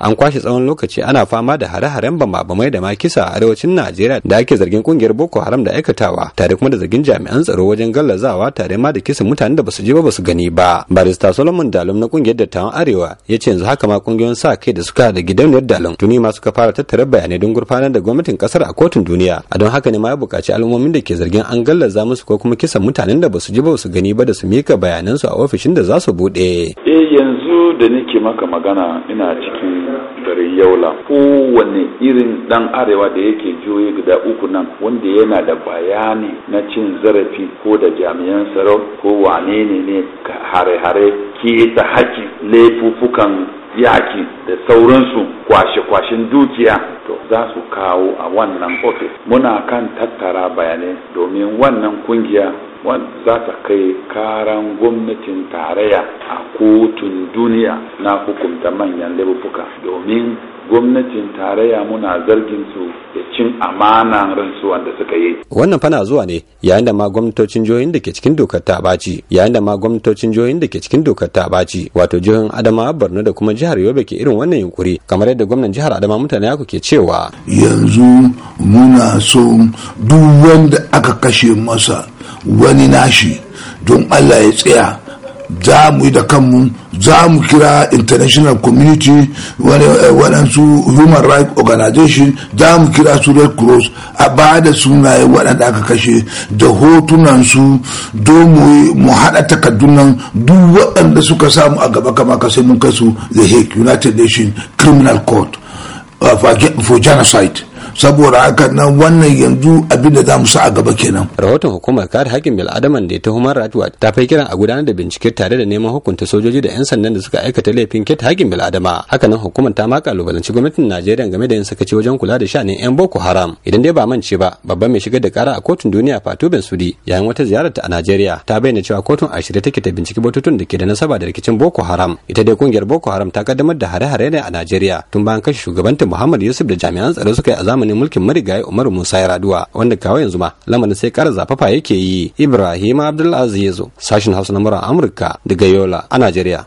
an kwashe tsawon lokaci ana fama da hare-haren bama-bamai da makisa a arewacin najeriya da ake zargin kungiyar boko haram da aikatawa tare kuma da zargin jami'an tsaro wajen gallazawa tare ma da kisan mutanen da basu je ba basu gani ba barista solomon dalum na kungiyar dattawan arewa ya ce yanzu haka ma kungiyoyin sa kai da suka da gidauniyar dalum tuni ma suka fara tattara bayanai don gurfanar da gwamnatin kasar a kotun duniya a don haka ne ma ya buƙaci al'ummomin da ke zargin an gallaza musu ko kuma kisan mutanen da basu je ba basu gani ba da su mika bayanansu a ofishin da za su buɗe. eh da nake maka magana ina cikin garin yaula kowane irin dan arewa da yake juye guda uku nan wanda yana da bayani na cin zarafi ko da jami'an tsaro ko wane ne ne hare-hare ke ta haki laifuffukan yaki da sauransu kwashe-kwashen dukiya to za su kawo a wannan ofis muna kan tattara bayanai domin wannan kungiya za ta kai karan gwamnatin tarayya a kotun duniya na hukunta manyan laifuka domin gwamnatin tarayya muna zargin su da cikin amanan rantsuwan da suka yi. Wannan fana zuwa ne yayin da ma gwamnatocin jihohin da ke cikin dokar ta ɓaci yayin da ma gwamnatocin jihohin da ke cikin dokar ta ɓaci wato jihohin Adama, Borno da kuma jihar Yobe ke irin wannan yunkuri kamar yadda gwamnan jihar Adama mutane ya ke cewa. Yanzu muna so duk wanda aka kashe masa wani nashi don Allah ya tsaya za mu yi da kanmu za mu kira international community eh, waɗansu human rights organization za mu kira su red cross a ba da sunaye waɗanda aka kashe da hotunansu domin mu haɗa takardunan duk waɗanda suka samu a gaba kama ka sai mun kai su the hague united nations criminal court eh, for genocide saboda haka nan wannan yanzu abin da za mu sa a gaba kenan rahoton hukumar kare haƙƙin bil'adaman da ta human rights ta fai kiran a gudanar da bincike tare da neman hukunta sojoji da 'yan sandan da suka aikata laifin keta haƙƙin bil'adama hakanan hukumar ta maka kalubalanci gwamnatin najeriya game da yin sakaci wajen kula da sha'anin 'yan boko haram idan dai ba mance ba babban mai shigar da kara a kotun duniya fatu bin sudi yayin wata ziyarar ta a najeriya ta bayyana cewa kotun a shirye take ta binciki batutun da ke da nasaba da rikicin boko haram ita dai kungiyar boko haram ta kaddamar da hare-hare ne a najeriya tun bayan kashe shugabanta muhammad yusuf da jami'an tsaro suka yi a zamanin zamanin mulkin marigayi Umaru Musa ya wanda kawai yanzu ma lamarin sai kara zafafa yake yi Ibrahim Abdulaziz sashin Hausa na Amurka daga Yola a Najeriya